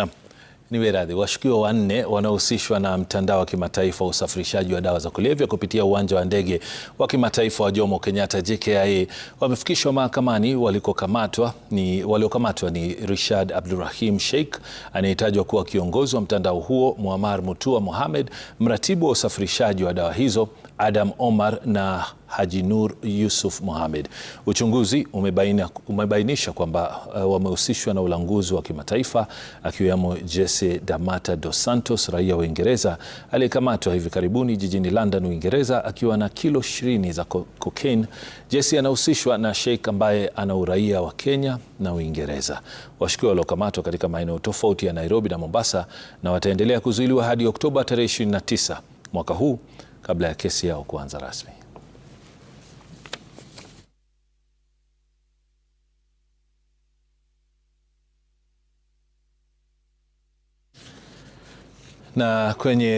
Naam. Ni weradhi washukiwa wanne wanaohusishwa na mtandao wa kimataifa wa usafirishaji wa dawa za kulevya kupitia uwanja wa ndege wa kimataifa wa Jomo Kenyatta JKIA wamefikishwa mahakamani. Walikokamatwa ni waliokamatwa ni Rishad Abdurahim Sheikh anayetajwa kuwa kiongozi wa mtandao huo, Muammar Mutua Mohamed mratibu wa usafirishaji wa dawa hizo, Adam Omar na Haji Nur Yusuf Mohamed. Uchunguzi umebainisha kwamba uh, wamehusishwa na ulanguzi wa kimataifa akiwemo Jesse Damata Dos Santos raia wa Uingereza aliyekamatwa hivi karibuni jijini London, Uingereza akiwa na kilo 20 za cocaine. Jesse anahusishwa na Sheikh ambaye ana uraia wa Kenya na Uingereza. Washukiwa waliokamatwa katika maeneo tofauti ya Nairobi na Mombasa na wataendelea kuzuiliwa hadi Oktoba tarehe 29 mwaka huu kabla ya kesi yao kuanza rasmi. na kwenye